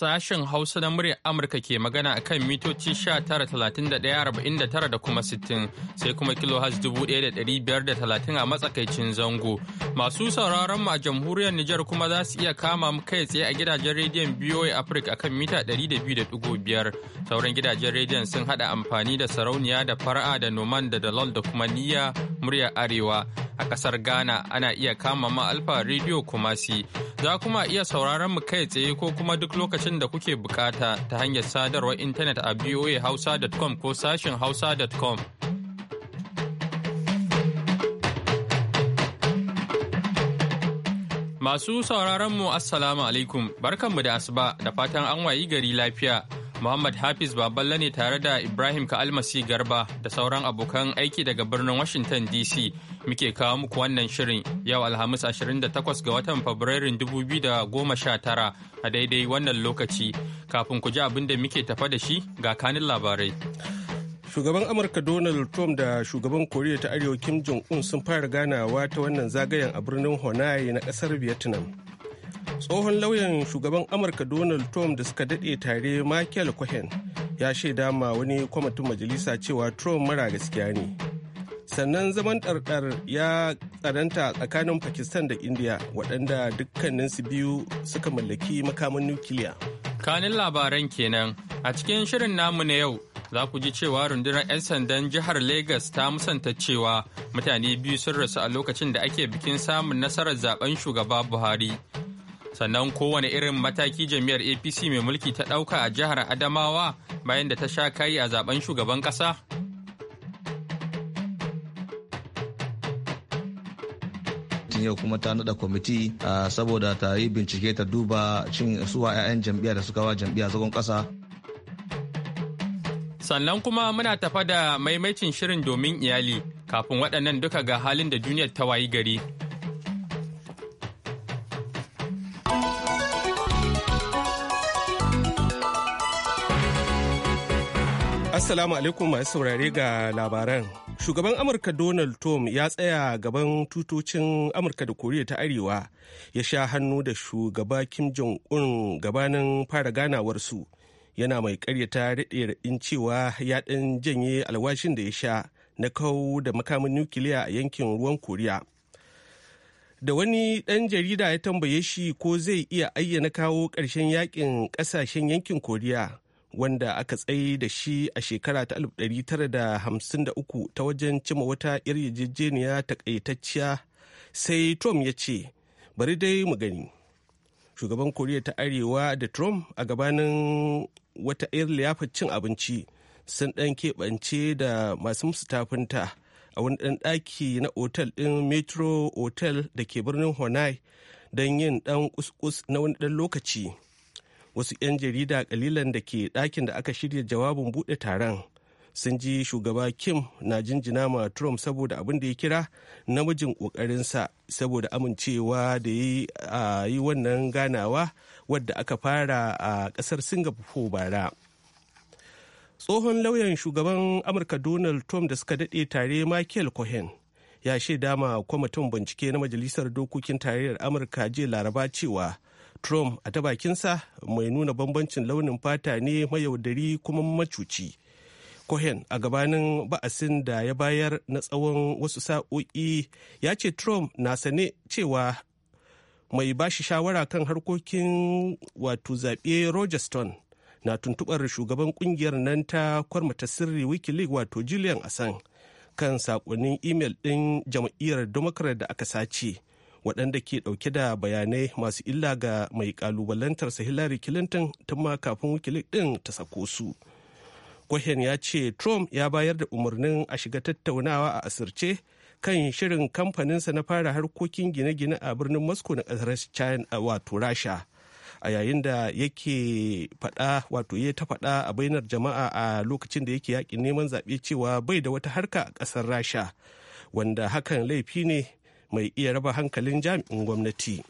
sashen Hausa na muryar Amurka ke magana a kan mitoci 19,31,49 da kuma 60 sai kuma da 1,530 a matsakaicin zango. Masu sauraron mu a jamhuriyar Nijar kuma za su iya kama mu kai tsaye a gidajen rediyon BOA Africa akan mita 200.5. Sauran gidajen rediyon sun hada amfani da sarauniya da fara'a da noman da dalol da kuma niyya muryar Arewa. A kasar Ghana ana iya kama ma Alfa Radio Kumasi. Za kuma iya sauraron mu kai tsaye ko kuma duk lokacin lokacin da kuke bukata ta hanyar sadarwar intanet a voahausa.com ko sashin hausa.com. Masu sauraronmu Assalamu alaikum, barkanmu da asuba da fatan an wayi gari lafiya. Muhammad Hafiz Baballe ne tare da Ibrahim Ka'almasi Garba da sauran abokan aiki daga birnin Washington DC muke kawo muku wannan shirin yau Alhamis 28 ga watan Fabrairun 2019 a daidai wannan lokaci kafin ku ji abin da muke tafa da shi ga kanin labarai. Shugaban Amurka Donald Trump da shugaban Koriya ta Arewa Kim Jong-un sun fara ganawa ta wannan zagayen a birnin Honai na kasar Vietnam. tsohon lauyan shugaban amurka donald trump da suka daɗe tare michael cohen ya shaida ma wani kwamitin majalisa cewa trump mara gaskiya ne sannan zaman ɗarɗar ya tsananta tsakanin pakistan da india waɗanda dukkaninsu biyu suka mallaki makamin nukiliya kanin labaran kenan a cikin shirin namu na yau za ku ji cewa rundunar 'yan sandan jihar Lagos ta musanta cewa mutane biyu sun rasu a lokacin da ake bikin samun nasarar zaben shugaba Buhari. sannan kowane irin mataki jami'ar apc mai mulki ta ɗauka a jihar adamawa bayan da ta sha kayi a zaben shugaban ƙasa yau kuma ta nada kwamiti saboda ta yi bincike ta duba cin suwa 'ya'yan jam'iyyar da suka wa jam'iyyar zagon kasa. Sannan kuma muna tafa da maimaitin shirin domin iyali kafin waɗannan duka ga halin da duniyar ta wayi gari. Assalamu alaikum masu saurare ga labaran. Shugaban Amurka Donald Trump ya tsaya gaban tutocin Amurka da Koriya ta Arewa ya sha hannu da shugaba Kim Jong-un gabanin fara ganawar su Yana mai karyata daɗin cewa ya ɗan janye alwashin da ya sha na kau da makamin nukiliya a yankin ruwan Koriya. da wani ɗan jarida ya tambaye shi ko zai iya ayyana kawo ƙarshen yakin ƙasashen yankin koriya wanda aka tsaye da shi a shekara ta 1953 ta wajen cima wata yarjejeniya takaitacciya sai trump ya ce bari dai mu gani shugaban koriya ta arewa da trump a gabanin wata yar liyafar cin abinci sun ɗan keɓance da masu mustafinta a wani ɗan ɗaki na otal ɗin metro otal da ke birnin honai don yin ɗan kuskus na wani ɗan lokaci wasu 'yan jarida kalilan da ke ɗakin da aka shirya jawabin buɗe taron sun ji shugaba kim na jinjina ma trump saboda abin da ya kira namijin ƙoƙarinsa saboda amincewa da ya yi wannan ganawa wadda aka fara a ƙasar singapore bara tsohon lauyan shugaban amurka donald trump da suka daɗe tare michael cohen ya shaida ma kwamitin bincike na majalisar dokokin tarayyar amurka jiya laraba cewa Trump a ta bakinsa mai nuna bambancin launin fata ne mayaudari kuma macuci. Cohen a gabanin ba'asin da ya bayar na tsawon wasu sa'o'i ya ce Trump na sane cewa mai bashi shawara kan harkokin wato zaɓe Roger Stone na tuntubar shugaban kungiyar nan ta kwarmata sirri wikileaks wato julian assange kan saƙonnin imel ɗin jam'iyyar democrat da aka sace waɗanda ke ɗauke da bayanai masu illa ga mai ƙalubalantarsa Hillary Clinton tun ma kafin Wikileaks ɗin ta sako su. Cohen ya ce Trump ya bayar da umarnin a shiga tattaunawa a asirce kan shirin kamfaninsa na fara harkokin gine-gine a birnin Moscow na ƙasar China wato Rasha. a yayin da yake faɗa wato ya ta faɗa a bainar jama'a a lokacin da yake yakin neman zaɓe cewa bai da wata harka a ƙasar rasha wanda hakan laifi ne mai iya raba hankalin jami'in gwamnati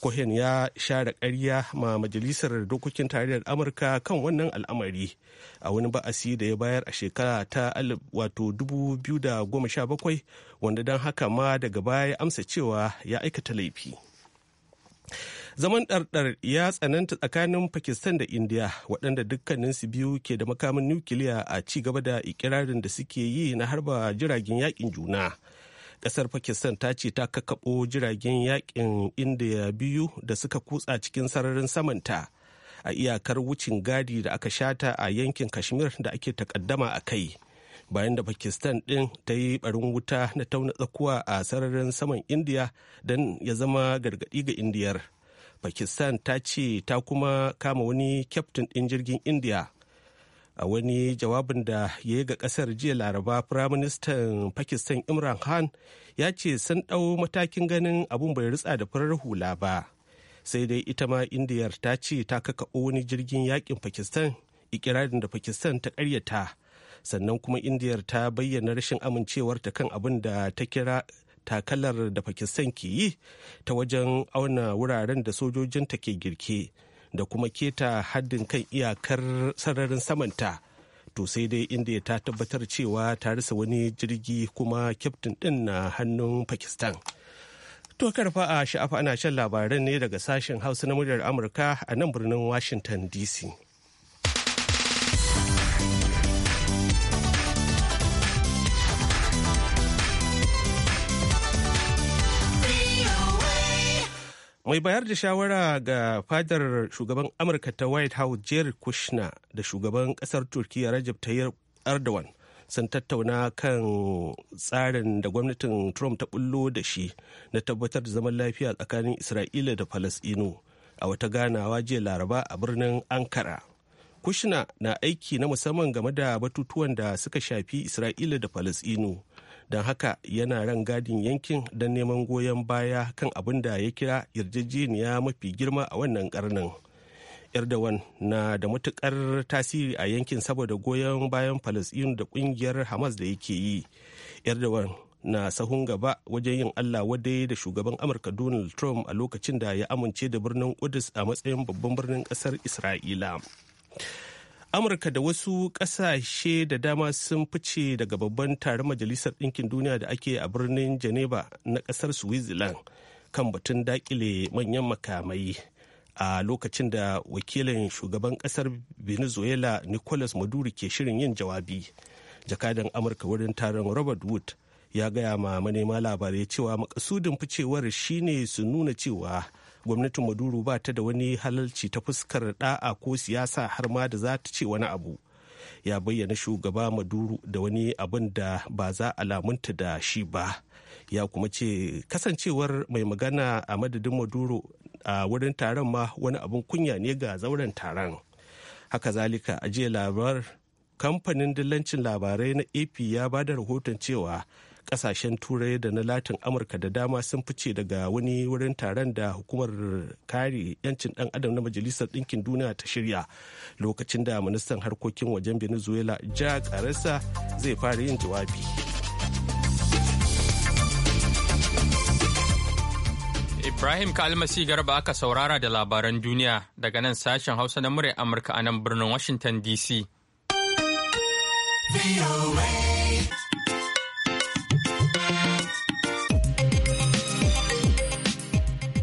cohen ya share karya ma majalisar dokokin tarayyar amurka kan wannan al'amari a wani ba'asi da ya bayar a shekara ta wato 2017 wanda don haka ma daga baya amsa cewa ya aikata laifi zaman ɗarɗar ya tsananta tsakanin pakistan da india waɗanda dukkaninsu biyu ke da makamin nukiliya a ci gaba da ikirarin da suke yi na harba jiragen yakin juna kasar pakistan ta ce ta kakabo jiragen yakin indiya biyu da suka kutsa cikin sararin samanta a iyakar wucin gadi da aka shata a yankin kashmir da ake takaddama a kai bayan da pakistan din ta yi barin wuta na tauna tsakuwa a sararin saman indiya don ya zama gargadi ga indiyar pakistan ta ce ta kuma kama wani kyaftin din jirgin indiya a wani jawabin da ya yi ga kasar jiya laraba firaministan pakistan imran khan ya ce sun ɗau matakin ganin abun bai ritsa da farar hula ba sai dai ita ma indiyar ta ce ta kaka wani jirgin yakin pakistan ikirarin da pakistan ta karyata sannan kuma indiyar ta bayyana rashin amincewar ta kan abin da ta kira takalar da pakistan ke yi ta wajen auna wuraren da sojojinta ke girke da kuma keta haddin kan iyakar sararin samanta to sai dai inda ta tabbatar cewa ta rasa wani jirgi kuma kyaftin din na hannun pakistan to karfa a sha'afa ana shan labaran ne daga sashen hausa na muryar amurka a nan birnin washington dc mai bayar da shawara ga fadar shugaban amurka ta white house jared kushner da shugaban kasar Turkiyya rajab tayyip erdogan sun tattauna kan tsarin da gwamnatin trump ta bullo da shi na tabbatar da zaman lafiya tsakanin isra'ila da falasɗinu a wata ganawa jiya laraba a birnin ankara Kushner na aiki na musamman game da batutuwan da suka shafi isra'ila da falasɗinu don haka yana ran gadin yankin don neman goyon baya kan abin da ya kira yarjejeniya mafi girma a wannan karnin erdogan na da matukar tasiri a yankin saboda goyon bayan palestine da kungiyar hamas da yake yi erdogan na sahun gaba wajen yin allah wadai da shugaban amurka donald trump a lokacin da ya amince da birnin kudus a matsayin babban birnin kasar isra'ila amurka da wasu ƙasashe da dama sun fice daga babban taron majalisar ɗinkin duniya da ake a birnin geneva na ƙasar switzerland kan batun daƙile manyan makamai a lokacin da wakilin shugaban ƙasar venezuela nicolas maduro ke shirin yin jawabi jakadan amurka wurin taron robert wood ya gaya ma manema labarai cewa makasudin ficewar shine su nuna cewa gwamnatin maduro ba ta da wani halalci ta fuskar da'a ko siyasa har ma da za ta ce wani abu ya bayyana shugaba maduro da wani abin da ba za a lamunta da shi ba ya kuma ce kasancewar mai magana a madadin maduro a wurin taron ma wani abin kunya ne ga zauren taron haka zalika a jiya labar kamfanin dillancin labarai na ap ya ba da rahoton cewa kasashen turai da na latin amurka da dama sun fice daga wani wurin taron da hukumar kare yancin dan adam na majalisar ɗinkin duniya ta shirya lokacin da ministan harkokin wajen venezuela ja karasa zai fara yin jawabi ibrahim kalmasi garba aka saurara da labaran duniya daga nan sashen hausa na murya amurka a nan birnin washington dc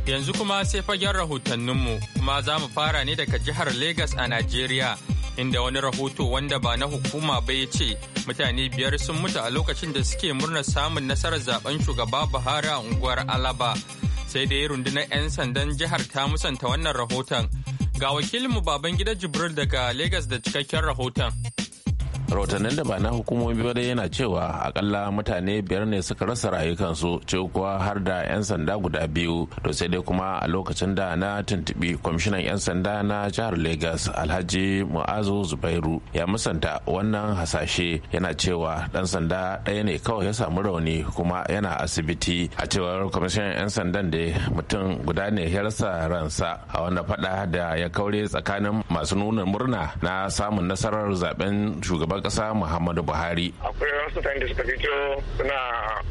Yanzu kuma sai fagen rahotanninmu kuma za mu fara ne daga jihar Legas a Najeriya inda wani rahoto wanda ba na hukuma ba ya ce mutane biyar sun mutu a lokacin da suke murnar samun nasarar zaben shugaba Buhari a unguwar Alaba. Sai dai rundunar 'yan sandan jihar ta musanta wannan rahoton. Ga wakilinmu Babangida Jibril daga Legas da cikakken rahoton. rahotannin da ba na hukumomi ba yana cewa akalla mutane biyar ne suka rasa rayukansu ce kuwa har da 'yan sanda guda biyu to sai dai kuma a lokacin da na tuntubi kwamishinan 'yan sanda na jihar lagos alhaji mu'azu zubairu ya musanta wannan hasashe yana cewa dan sanda ɗaya ne kawai ya samu rauni kuma yana asibiti a cewar kwamishinan 'yan sandan da mutum guda ne ya rasa ransa a wanda fada da ya kaure tsakanin masu nuna murna na samun nasarar zaben shugaban shugaban kasa muhammadu buhari akwai wasu da suka fito suna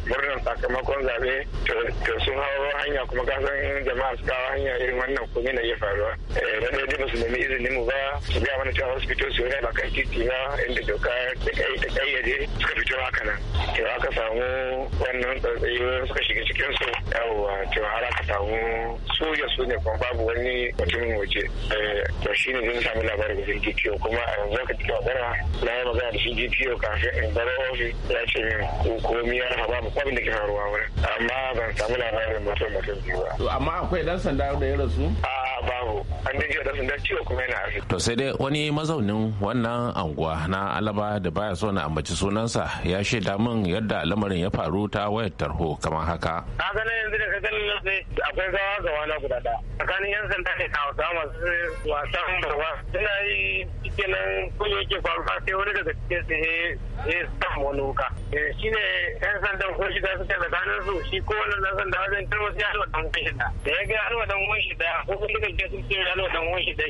murnar sakamakon zabe, to sun hawa hanya kuma kasan jama'a suka hawo hanya irin wannan komai na iya faruwa eh, na ɗaya ba su nemi izinin mu ba su biya mana cewa wasu fito su yi ba kan titi na inda doka ta ƙayyade suka fito haka nan to aka samu wannan tsatsayi suka shiga cikin su yawwa to har aka samu soja su ne kuma babu wani mutumin waje eh, to shine zan samu labarin da jirgi kuma a yanzu ka cikin magana na yi magana a shi DPO kafin in bar ofi ya ce min ko komi ya ba kwabin da ke faruwa wani amma ban samu labarin mutum mutum biyu ba. To amma akwai dan sanda da ya rasu? A babu an dinga dan sanda ciwo kuma yana asibiti. To sai dai wani mazaunin wannan anguwa na Alaba da baya so na ambaci sunansa ya shaida min yadda lamarin ya faru ta wayar tarho kamar haka. Na ganin yanzu da ka ganin sai akwai gawa gawa na guda ɗaya. Tsakanin yan sanda ne kawo masu wasan barwa suna yi kenan kun yake faruwa sai wani daga daga cikin su ya samu wani wuka eh, shi ne yan sandan ko shiga da tsakanin su shi ko wannan dan sanda wajen sai alwa da ya ga kuma duka ke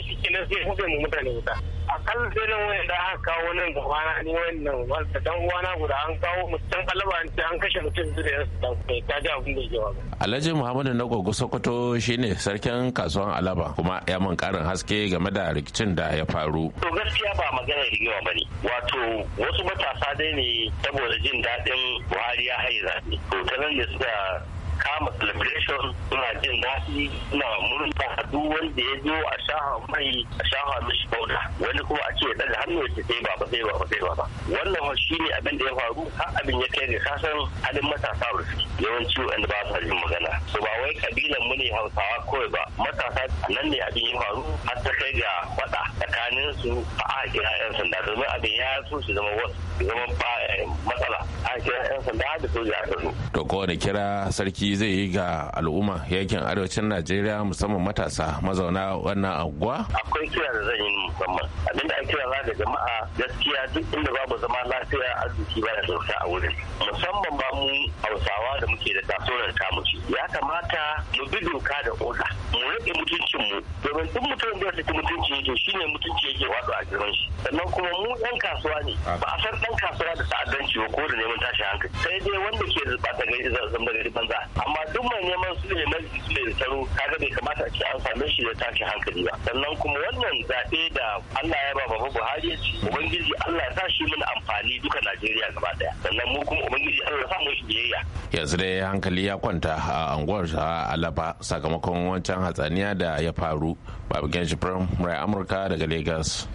shi ke sai mu mutane wuta sai nan wani da aka kawo nan gaba na ni wanda dan guda an kawo mutum alaba an ce an kashe mutum su da ya ta ji abin da Alhaji Muhammadu Nagogo Sokoto shine sarkin kasuwan Alaba kuma ya mun karin haske game da rikicin da ya faru. To gaskiya ba magana yawa bane. Wato wato wasu matasa dai ne saboda jin daɗin buhari ya haye zaɓe to ta nan ne suka kama celebration suna jin daɗi suna murna duk wanda ya zo a shaha mai a shaha mishi bauta wani kuma a ce ya daga hannu ya ce sai eh, baba sai eh, baba sai eh, baba wannan shi ne abin da ya faru har abin ya kai ga kasan halin matasa ba su yawanci wanda ba sa jin magana to ba wai kabilan mu ne hausawa kawai ba matasa nan ne abin ya faru har ta kai ga faɗa tsakanin su a kira 'yan sanda domin abin ya so su zama wasu zaman ba eh, matsala a kira 'yan sanda da soja a zo. to kowane kira sarki zai yi ga al'umma yankin arewacin najeriya musamman matasa mazauna wannan anguwa. akwai kira da zan yi musamman abinda a kira za ga jama'a gaskiya duk inda babu zama lafiya arziki ba da sauka a wurin musamman ba mu hausawa da muke da tasorar tamu ya kamata mu bi doka da oda mu rage mutuncin mu domin duk mutum da su mutunci yake shine mutunci yake wato a jiran shi sannan kuma mu ɗan kasuwa ne ba a san ɗan kasuwa da ta'addanci ba ko da neman tashin hankali sai dai wanda ke da ba ta gari zan da gari banza amma duk mai neman su ne mai su ne da tsaro kaga bai kamata a ce an same shi da tashin hankali ba sannan kuma wannan zaɓe da Allah ya ba baba Buhari ya ci ubangiji Allah ya sa shi mana amfani duka Najeriya gaba daya. sannan mu kuma ubangiji Allah ya sa yanzu dai hankali ya kwanta a anguwar a alaba sakamakon wancan hatsaniya da ya faru babu ganshi murai amurka daga lagos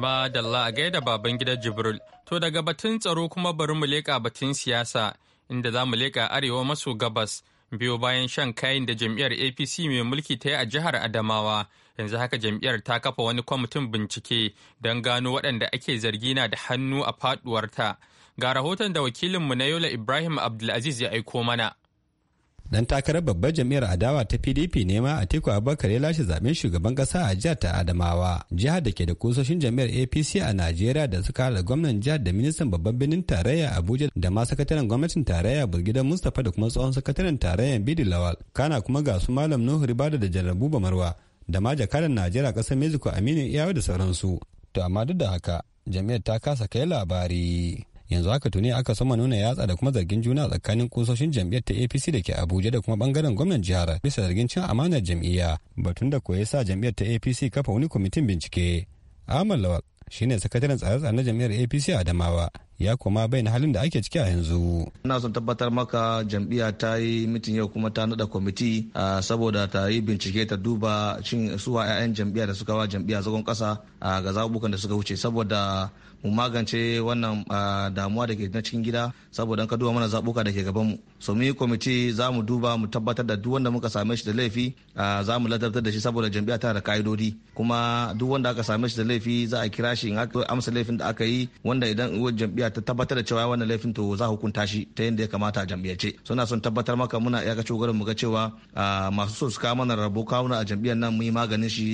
Madalla a gaida baban gida Jibril. To daga batun tsaro kuma bari mu leka batun siyasa inda za mu leƙa arewa maso gabas biyo bayan shan kayan da jam'iyyar APC mai mulki ta yi a jihar Adamawa yanzu haka jam'iyyar ta kafa wani kwamitin bincike don gano waɗanda ake zargi na da hannu a faduwarta ga rahoton da wakilinmu na yola ibrahim abdulaziz ya aiko mana dan takarar babbar jam'iyyar adawa ta pdp ne ma a atiku abubakar ya lashe zaben shugaban kasa a jihar ta adamawa jihar da ke da kusoshin jam'iyyar apc a najeriya da suka halar gwamnan jihar da ministan babban birnin tarayya abuja da ma sakataren gwamnatin tarayya burgidan mustapha da kuma tsohon sakataren tarayya bidi lawal kana kuma ga su malam nuhu ribada da janar buba marwa da ma jakadar najeriya kasar mexico aminu iyawa da sauransu to amma duk da haka jami'ar ta kasa kai labari yanzu haka tuni aka sama nuna yatsa da kuma zargin juna tsakanin kusoshin jam'iyyar ta apc da ke abuja da kuma bangaren gwamnan jihar bisa zargin cin amanar jam'iyya batun da koya sa jam'iyyar ta apc kafa wani kwamitin bincike ahmad lawal shine sakataren tsare-tsare na jam'iyyar apc adamawa ya bai na halin da ake ciki a yanzu. Ina son tabbatar maka jam'iyya ta yi mitin yau kuma ta nada kwamiti saboda ta yi bincike ta duba cin suwa 'ya'yan jam'iyya da suka wa jam'iyya zagon kasa ga zabukan da suka wuce saboda mu magance wannan damuwa da ke na cikin gida saboda ka duba mana zabuka da ke gaban mu. so mu yi kwamiti za mu duba mu tabbatar da duk wanda muka same shi da laifi za mu ladabtar da shi saboda jam'iyya ta da ka'idodi kuma duk wanda aka same shi da laifi za a kira shi in aka amsa laifin da aka yi wanda idan jam'iyya ta tabbatar da cewa wannan laifin to za hukunta shi ta yadda ya kamata a ce suna son tabbatar maka muna iya kace gurin mu ga cewa masu so su kawo mana rabo kawuna a jam'iyyar nan mu yi maganin shi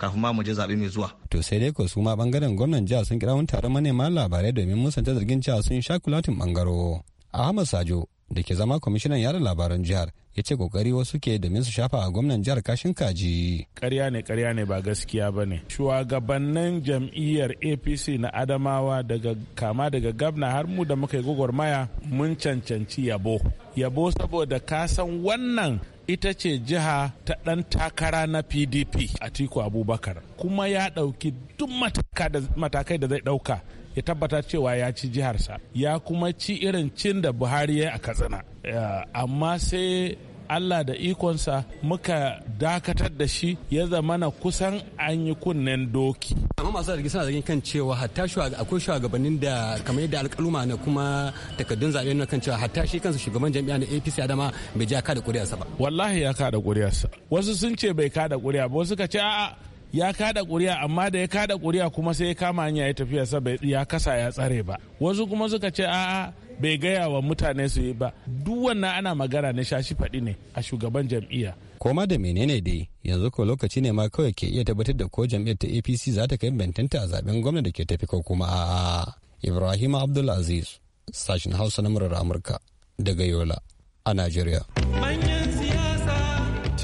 kafin ma mu je zaɓe mai zuwa. to sai dai ko su ma bangaren gwamnan jiha sun kira wani taron manema labarai domin musanta zargin cewa sun sha kulatin bangaro. Ahmad Sajo da ke zama kwamishinan yada labaran jihar ya ce kokari wasu ke domin su shafa a gwamnan jihar kashin kaji karya ne karya ne ba gaskiya ba ne shugabannin jam'iyyar apc na adamawa daga kama daga gabna har mu da muka yi gwagwarmaya mun cancanci yabo yabo saboda kasan wannan ita ce jiha ta ɗan takara na pdp a tiku abubakar kuma ya ɗauki duk matakai da zai ɗauka ya tabbata cewa ya ci jiharsa ya kuma ci irin cin da buhari ya a katsina amma sai allah da ikonsa muka dakatar da shi ya zamana kusan an yi kunnen doki amma masu zargi suna zargin kan cewa hatta akwai shugabannin da kamar yadda alkaluma na kuma takaddun zaɓe na kan cewa hatta shi kansa shugaban jami'a na apc adama bai ji ya kada ƙuri'arsa ba wallahi ya kada ƙuri'arsa wasu sun ce bai kada ƙuri'a ba wasu ka ce a'a ya kada kuri'a amma da ya kada kuri'a kuma sai ya kama hanya ya tafiya saboda ya kasa ya tsare ba wasu kuma suka ce a'a bai gaya wa mutane su yi ba duk wannan ana magana na shashi faɗi ne a shugaban jam'iyya koma da menene dai yanzu ko lokaci ne ma kawai ke iya tabbatar da ko jam'iyyar ta apc za ta kai bantanta a zaben gwamnati da ke tafi ko kuma a'a ibrahim abdulaziz sashen hausa na murar amurka daga yola a najeriya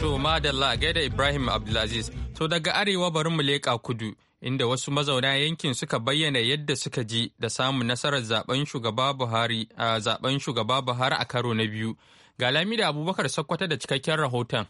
To madalla gaida Ibrahim Abdulaziz. To daga arewa bari mu leƙa kudu inda wasu mazauna yankin suka bayyana yadda suka ji da samun nasarar zaben shugaba Buhari a zaben shugaba Buhari a karo na biyu. Ga Lamida Abubakar Sakkwata da cikakken rahoton.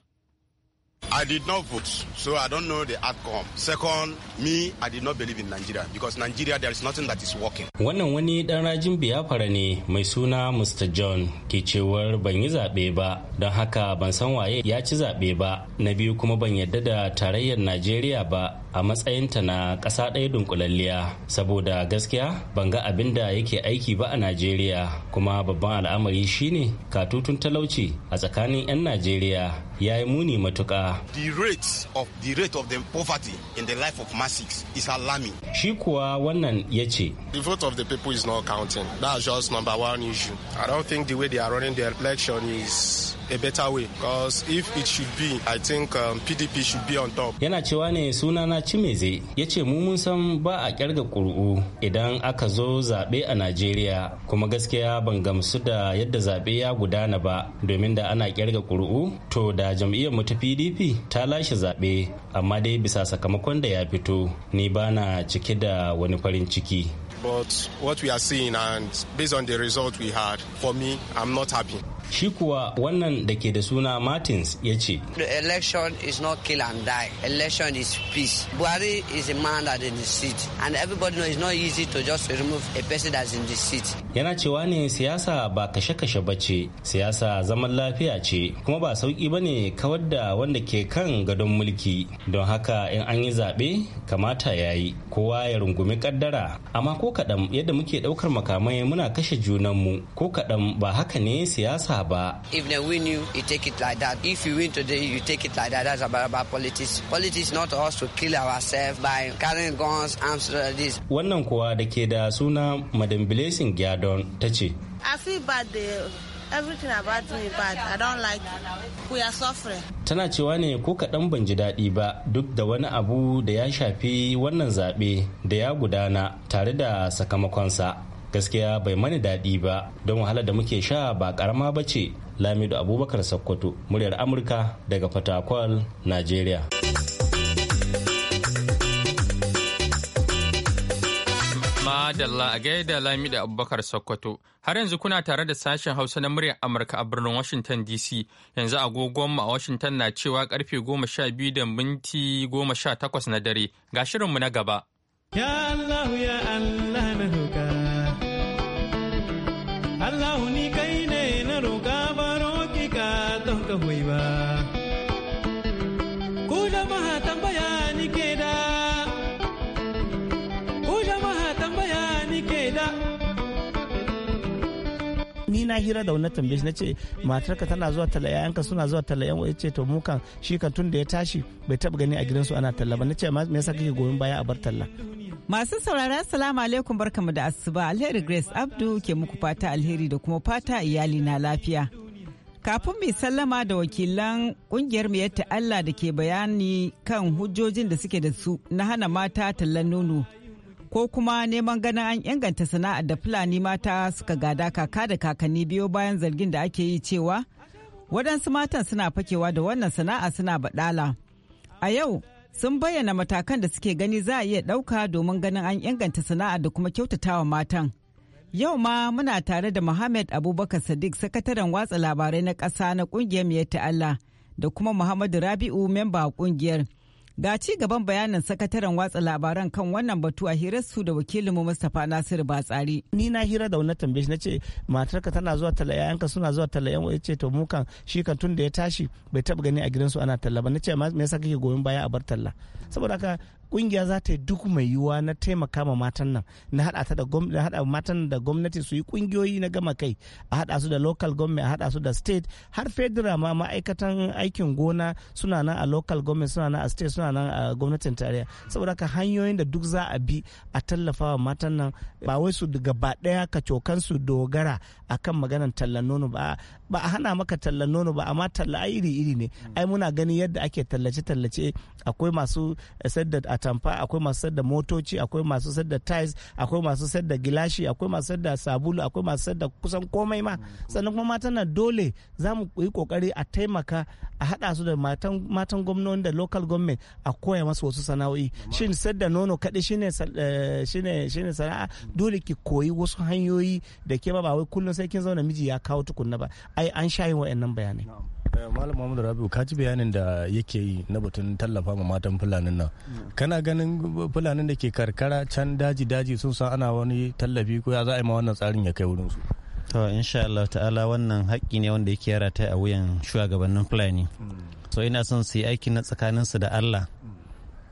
I did not vote, so I don't know the outcome. Second, me, I did not believe in Nigeria because Nigeria there is nothing that is working. Wannan wani dan rajin biyafara ne mai suna Mr. John ke cewar ban yi zaɓe ba don haka ban san waye ya ci zaɓe ba na biyu kuma ban yarda da tarayyar Najeriya ba a matsayinta na ƙasa ɗaya dunkulalliya saboda gaskiya ban ga abin da yake aiki ba a najeriya kuma babban al'amari shine katutun talauci a tsakanin 'yan najeriya ya yi muni matuƙa the rate of the rate of the poverty in the life of masses is alarming shi kuwa wannan ya ce the vote of the people is not counting that's just number one issue i don't think the way they are running the election is a better way because if it should be I think um, PDP should be on top. Yana cewa ne sunana Chimeze ya ce mu mun san ba a kyarga ƙuri'u idan aka zo zaɓe a Najeriya kuma gaskiya ban gamsu da yadda zaɓe ya gudana ba domin da ana kyarga ƙuri'u to da jam'iyyar mu ta PDP ta lashe zaɓe amma dai bisa sakamakon da ya fito ni bana cike da wani farin ciki. But what we are seeing and based on the result we had, for me, I'm not happy. Shi kuwa wannan da ke da suna Martins ya ce. The election is not kill and die. Election is peace. Buhari is a man that is in the seat and everybody knows it's not easy to just remove a person that's in the seat. Yana cewa ne siyasa ba kashe-kashe ba ce, siyasa zaman lafiya ce, kuma ba sauki ba ne kawar da wanda ke kan gadon mulki. Don haka in an yi zaɓe kamata ya yi, kowa ya rungumi kaddara. Amma ko kaɗan yadda muke ɗaukar makamai muna kashe junanmu, ko kaɗan ba haka ne siyasa nasara ba. If they win you, you take it like that. If you win today, you take it like that. That's about, about politics. Politics not us to kill ourselves by carrying guns, arms, like this. Wannan kuwa da ke da suna Madam Blessing Gyadon ta ce. I feel bad the eh, everything about me bad i don't like it. we are suffering tana cewa ne ko kaɗan ban ji daɗi ba duk da wani abu da ya shafi wannan zaɓe da ya gudana tare da sakamakonsa gaskiya bai mani daɗi ba don wahalar da muke sha ba karama ba ce lamido abubakar sakkwato muryar amurka daga fatakwal nigeria Madalla a gaida Lamida Abubakar Sokoto. Har yanzu kuna tare da sashen Hausa na muryar Amurka a birnin Washington DC. Yanzu agogonmu a Washington na cewa karfe goma sha biyu da minti goma sha takwas na dare. Ga shirinmu na gaba. Ya Allah ya Allah. Allah ni kai ne na roƙa baro ki ka don ka ba. na hira da wani tambaye na ce matarka tana zuwa talla yayanka suna zuwa talla yan ya ce to mu kan shi kan tun da ya tashi bai taba gani a gidansu ana talla ba na ce me yasa kake goyon baya a bar talla Masu saurara salamu alaikum barkamu da asuba alheri Grace Abdu ke muku fata alheri da kuma fata iyali na lafiya. Kafin mai sallama da wakilan kungiyar mai Allah da ke bayani kan hujjojin da suke da su na hana mata tallan nono ko kuma neman ganin an inganta sana'a da fulani mata suka gada kaka da kakanni biyo bayan zargin da ake yi cewa wadansu matan suna fakewa da wannan sana'a suna baɗala a yau sun bayyana matakan da suke gani za a iya ɗauka domin ganin an inganta sana'a da kuma kyautatawa matan Yau ma muna tare da Muhammad Abubakar Sadiq sakataren watsa labarai na ƙasa na ƙungiyar Miyatta Allah da kuma Muhammadu Rabi'u memba ƙungiyar Ga ci gaban bayanin sakataren watsa labaran kan wannan batu a hirarsu da wakilinmu Mustapha Nasiru Batsari. Ni na hira da wannan tambaye na ce matarka tana zuwa talla yayanka suna zuwa talla yan ce to mu kan shi kan tun da ya tashi bai taba gani a gidansu ana talla ba nace me yasa kake goyon baya a bar talla. Saboda haka kungiya za ta yi duk mai yiwuwa na taimaka ma matan nan na hada ta da matan da gwamnati su yi kungiyoyi na gama kai a hada su da local government a hada su da state har federal ma ma'aikatan aikin gona suna nan a local government suna nan a state suna nan a gwamnatin tarayya saboda ka hanyoyin da duk za a bi a tallafa wa matan nan ba wai su gaba daya ka cokan su dogara akan maganar tallan nono ba ba a hana maka tallan nono ba amma talla iri iri ne ai muna ganin yadda ake tallace tallace akwai masu sadda atamfa akwai masu sayar da motoci akwai masu sayar da tiles akwai masu sayar da gilashi akwai masu sayar da sabulu akwai masu sayar da kusan komai ma sannan kuma matan na dole za mu yi kokari a taimaka a haɗa su da matan matan gwamnoni da local government a koya masu wasu sana'o'i shin sayar da nono kaɗai shine eh, shine sana'a dole ki koyi wasu hanyoyi da ke ba wai kullum sai kin zauna miji ya kawo tukunna ba ai an sha yin wa'annan bayanai Eh, malam muhammadu rabiu ka ji bayanin da yake yi na batun tallafa ma matan fulanin nan kana ganin fulanin da ke karkara can daji daji sun san ana wani tallafi ko ya za a yi ma wannan tsarin ya kai wurin su to insha Allah ta'ala wannan haƙƙi ne wanda yake yara ta a wuyan shugabannin fulani so ina son su yi aiki na tsakaninsu da Allah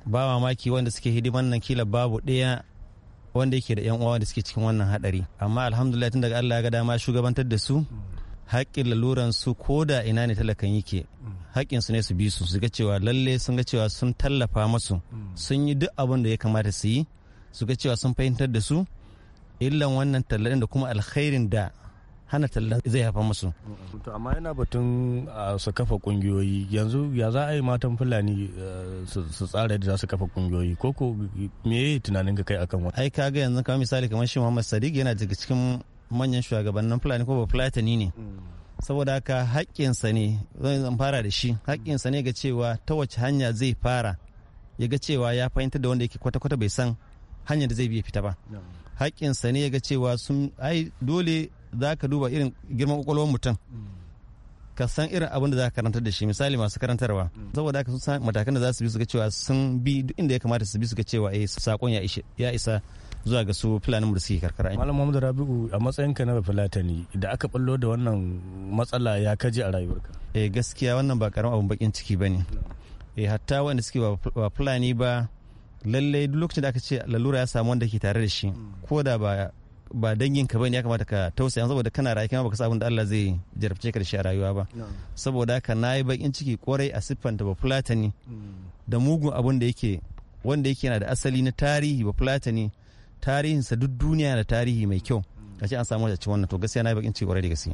ba mamaki wanda suke hidiman nan kila babu ɗaya wanda yake da yan uwa da suke cikin wannan hadari amma alhamdulillah tun daga Allah ya ga dama shugabantar da su haƙƙin laluran su ko da ina ne talakan yake haƙƙin su ne su bi su su ga cewa lalle sun ga cewa sun tallafa masu sun yi duk abin da ya kamata su yi su ga cewa sun fahimtar da su illan wannan tallafin da kuma alkhairin da hana tallan zai haifa masu. To amma yana batun su kafa kungiyoyi yanzu ya za a yi matan Fulani eh, su tsara yadda za su kafa kungiyoyi ko ko me tunanin ka kai akan wani. Ai kaga yanzu kamar misali kamar shi Muhammad Sadiq yana daga cikin manyan shugabannin fulani ko ba fulatani ne saboda haka haƙƙinsa ne zan fara da shi haƙƙinsa ne ga cewa ta wace hanya zai fara ya ga cewa ya fahimtar da wanda yake kwata-kwata bai san hanyar da zai biya fita ba haƙƙinsa ne ya ga cewa sun ai dole za ka duba irin girman kwakwalwar mutum ka san irin abin da za ka karanta da shi misali masu karantarwa saboda haka sun san matakan da za su bi su ga cewa sun bi duk inda ya kamata su bi su ga cewa eh sakon ya isa zuwa ga su fulani da suke karkara malam muhammadu rabi'u a matsayinka na fulatani da aka ballo da wannan matsala ya kaje a rayuwarka eh gaskiya wannan ba karamin abun bakin ciki bane eh hatta wanda suke ba fulani ba lalle duk lokacin da aka ce lalura ya samu wanda ke tare da shi hmm. ko da ba ba dangin ka bane ya kamata ka tausaya saboda kana rayuwa kuma baka san abin da Allah zai jarabce ka da shi a rayuwa ba saboda haka nayi bakin ciki kwarai a siffanta ba fulatani hmm. da mugun abun da yake wanda yake na da asali na tarihi ba fulatani tarihinsa duk duniya da tarihi mai kyau a ce an samu wacce wannan to gaskiya na yi bakin ci kwarai da gaske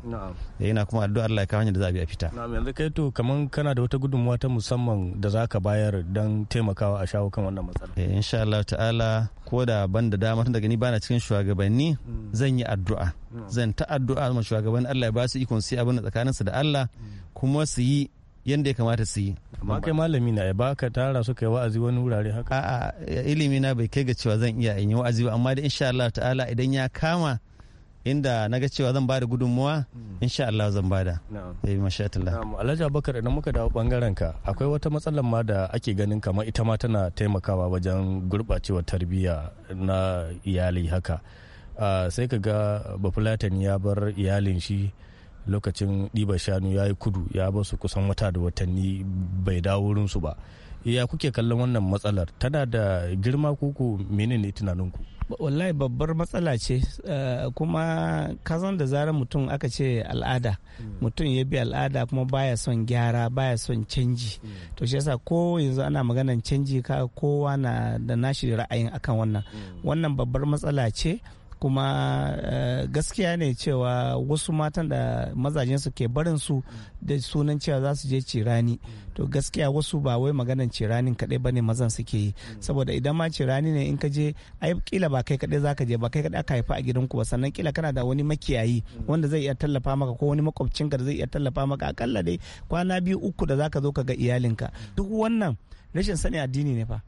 yana eh, kuma addu'a Allah ya kawo hanyar da za a biya fita na'am yanzu kai to kaman kana da wata gudunmuwa ta musamman da za ka bayar don taimakawa a shawo kan wannan matsala eh insha Allah ta'ala ko da ban da dama tun daga ni bana cikin shugabanni mm. zan yi addu'a zan ta addu'a ma shugaban Allah ya ba su ikon su yi abin da tsakaninsu da Allah mm. kuma su yi yadda ya kamata su yi. Amma kai malami na ba ka tara suka kai wa'azi wani wurare haka? A'a ilimi na bai kai ga cewa zan iya in yi wa'azi ba amma da insha Allah ta'ala idan ya kama inda na ga cewa zan bada gudunmuwa hmm. insha Allah zan bada. Eh masha Allah. Alhaji Abubakar idan muka dawo bangaren ka akwai wata matsalar ma da ake ganin kamar ita ma tana taimakawa wajen gurɓacewa tarbiyya na iyali haka. Ah, sai ka ga bafulatani ya bar iyalin shi lokacin ɗiba shanu ya yi kudu ya ba su kusan wata da watanni bai dawo wurinsu ba ya kuke kallon wannan matsalar tana da girma koko menene tunaninku wallahi babbar matsala ce eh, kuma kazan da zarar mutum aka ce al'ada hmm. mutum ya bi al'ada kuma baya son gyara baya son canji hmm. to shi yasa ko yanzu ana maganan canji ka kowa na da nashi ra'ayin akan wannan hmm. wannan babbar matsala ce kuma eh, gaskiya ne cewa wasu matan da mazajensu ke barin su da sunan cewa za su je cirani to gaskiya wasu ba wai maganan ciranin kadai ba ne mazan suke yi saboda idan ma cirani ne in ka je ai kila ba kai kadai zaka je ba kai kadai aka haifa a gidanku ba sannan kila kana da wani makiyayi wanda zai iya tallafa maka ko wani makwabcinka da zai iya tallafa maka akalla dai kwana biyu uku da za ka zo ka ga iyalinka duk wannan rashin sani addini ne fa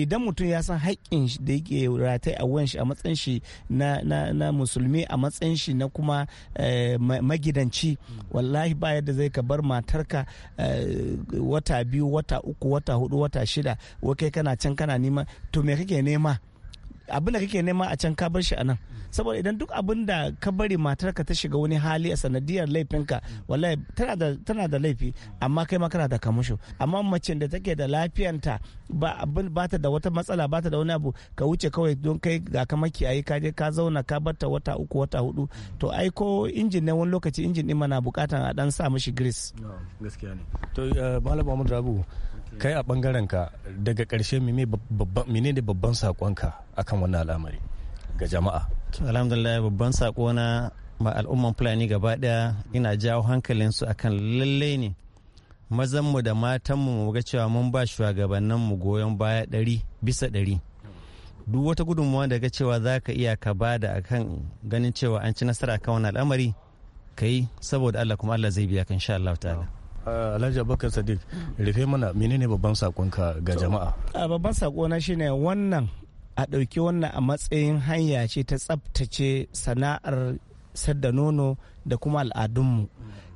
idan mutum ya san haƙƙin da yake ratai a wanshi a matsayin shi na musulmi a matsayin shi na kuma eh, magidanci wallahi ba yadda zai ka bar matarka eh, wata biyu wata uku wata hudu wata shida wakai kana can kana nema to me kake nema abin da kake nema a can ka bar shi a nan saboda idan duk abin da ka bari matarka ta shiga wani hali a sanadiyar laifinka wallahi tana da laifi amma kai ma kana da kamusho amma mace da take da lafiyanta ba abin ba ta da wata matsala ba ta da wani abu ka wuce kawai don kai ga ka makiyayi ka je ka zauna ka bar ta wata uku wata hudu to ai ko injin ne wani lokaci injin din mana bukatan a dan sa mishi grease gaskiya ne to eh, malam Muhammad Rabu kai a bangaren ka daga karshe mene ne babban sakonka akan wannan al'amari ga jama'a to alhamdulillah babban sako na ma al'umman fulani gaba daya ina jawo hankalin su akan lalle ne mazanmu da matanmu mu ga cewa mun ba mu goyon baya ɗari bisa ɗari duk wata gudunmuwa da ga cewa za ka iya ka ba da akan ganin cewa an ci nasara kan wani al'amari ka yi saboda allah kuma allah zai biya kan sha allah ta'ala Alhaji Abubakar Sadiq hmm. rufe mana menene babban sakonka ga jama'a? Babban sakona shine wannan a ɗauki wannan a matsayin hanya ce ta tsabtace sana'ar sadda nono da kuma al'adunmu.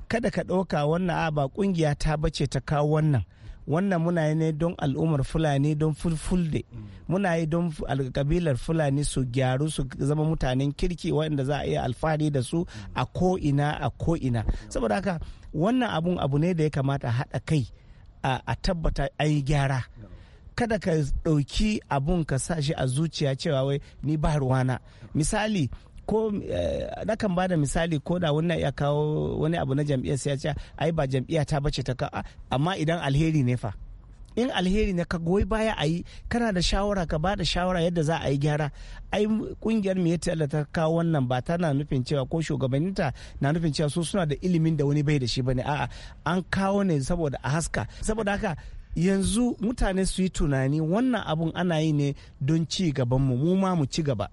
Kada ka ɗauka wannan a ba ƙungiya ta bace ta kawo wannan. wannan muna yi ne don al'ummar fulani don fulfulde muna yi don kabilar fulani su gyaru su zama mutanen kirki wanda za a iya alfahari da su a ko'ina a ko'ina saboda haka wannan abun abu ne da ya kamata haɗa kai a tabbata a yi gyara kada ka ɗauki abun ka sa shi a zuciya cewa wai ni ba ruwana misali ko eh, na kan ba da misali ko da wannan ya kawo wani abu na jam'iyyar sai ya ce ai ba jam'iyya ta bace ta ka amma idan alheri ne fa in alheri ne ka goyi baya a yi kana da shawara ka ba da shawara yadda za a yi gyara ai kungiyar mu yadda ta kawo wannan ba tana nufin cewa ko shugabanninta na nufin cewa su suna da ilimin da wani bai da shi bane a'a an kawo ne saboda a haska saboda haka yanzu mutane su yi tunani wannan abun ana yi ne don ci gaban mu mu ma mu ci gaba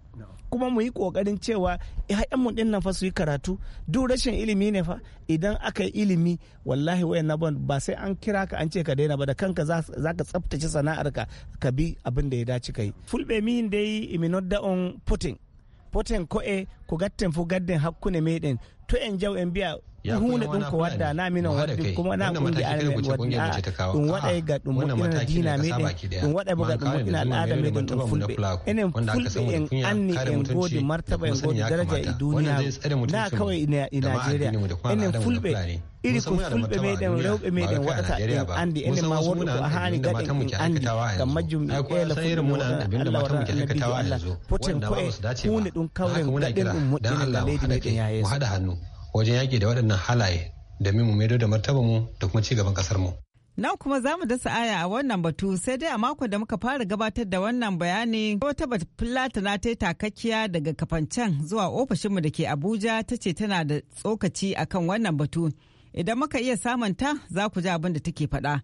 kuma mu yi kokarin cewa ƴaƴanmu mu nan fa su yi karatu duk rashin ilimi ne fa idan aka yi ilimi wallahi na ban ba sai an kira ka an ce ka daina ba da kanka za ka tsaftace sana'arka ka bi abin da ya dace ka yi fulbe min dai da on putin poten ko'e ku gatten fu gadden hakkune meɗen to en jaw en biya hune ɗum ko wadda namino wadda kuma na kungi armewaɗa in waɗa ga ɗum na dina meɗen din in ga ɗum na al'ada meɗen ɗum fulbe ina fulbe in anni en godi martaba en godi daraja a duniya na kawai a nigeria ina fulbe iri ko fulɓe rewbe rewɓe meɗen waɗata en andi ina ma woɗɗo ko ga gaɗen en andi gam majjum e ɓeela allah waɗan annabijo allah poten koye hunde ɗum kawren gaɗen ɗum moƴƴinega leydi meɗen yayeso wajen yaƙi da waɗannan halaye da mu maido da mu da kuma ci gaban mu. Nan kuma za mu dasa aya a wannan batu sai dai a mako da muka fara gabatar da wannan bayani wata fulatana ta yi takakkiya daga kafancan zuwa ofishinmu da ke Abuja ta ce tana da tsokaci akan wannan batu. Idan muka iya samunta za ku ji abin da take faɗa.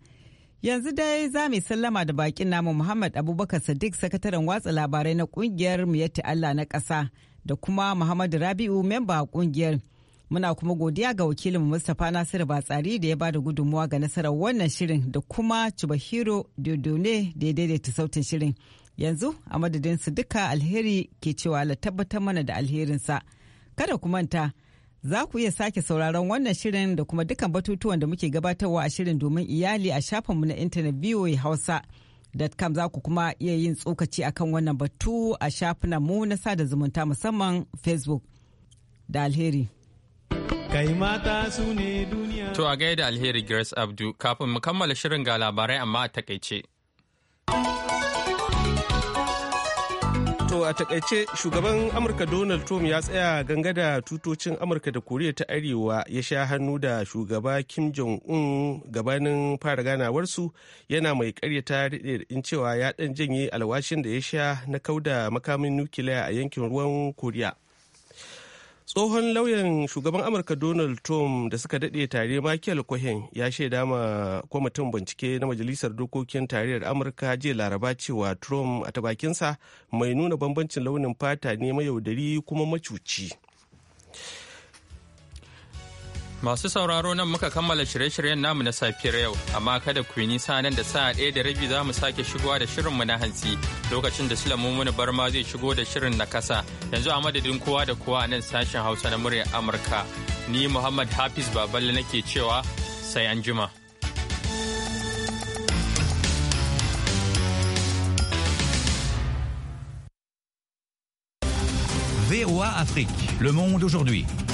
Yanzu dai za mu sallama da bakin namu Muhammad Abubakar Sadiq sakataren watsa labarai na kungiyar Miyatti Allah na ƙasa da kuma Muhammad Rabi'u memba kungiyar. Muna kuma godiya ga wakilin Mustapha Nasiru Batsari da ya ba da gudunmuwa ga nasarar wannan shirin da kuma Chubahiro Dodone da ya daidaita sautin shirin. Yanzu a madadin su duka alheri ke cewa la tabbatar mana da alherinsa. Kada ku manta za ku iya sake sauraron wannan shirin da kuma dukan batutuwan da muke gabatarwa a shirin domin iyali a shafinmu na intanet voa hausa.com za ku kuma iya yin tsokaci akan wannan batu a shafinanmu na sada zumunta musamman facebook da alheri. kai mata su ne duniya. To a gaida alheri Grace Abdu kafin mu kammala shirin ga labarai amma a takaice. a takaice shugaban Amurka Donald Trump ya tsaya ganga da tutocin Amurka da Koriya ta Arewa ya sha hannu da shugaba Kim Jong-un gabanin fara ganawarsu yana mai karyata in cewa ya ɗan janye alwashin da ya sha na kauda makamin nukiliya a yankin ruwan Koriya. tsohon lauyan shugaban amurka donald trump da suka daɗe tare michael cohen ya shaida ma kwamitin bincike na majalisar dokokin tarayyar amurka jiya laraba cewa trump a ta bakinsa mai nuna bambancin launin fata ne mayaudari kuma macuci Masu sauraro nan muka kammala shirye-shiryen namu na safiyar yau, amma kada ku yi nisa nan da sa'a ɗaya da rabi za mu sake shigowa da mu na hantsi lokacin da Sulamu Muni Barma zai shigo da shirin na kasa. Yanzu a madadin kowa da kowa a nan sashen Hausa na muryar Amurka. Ni Muhammad Hafiz Baballe nake cewa sai an jima. VOA Afrique. Le monde aujourd'hui.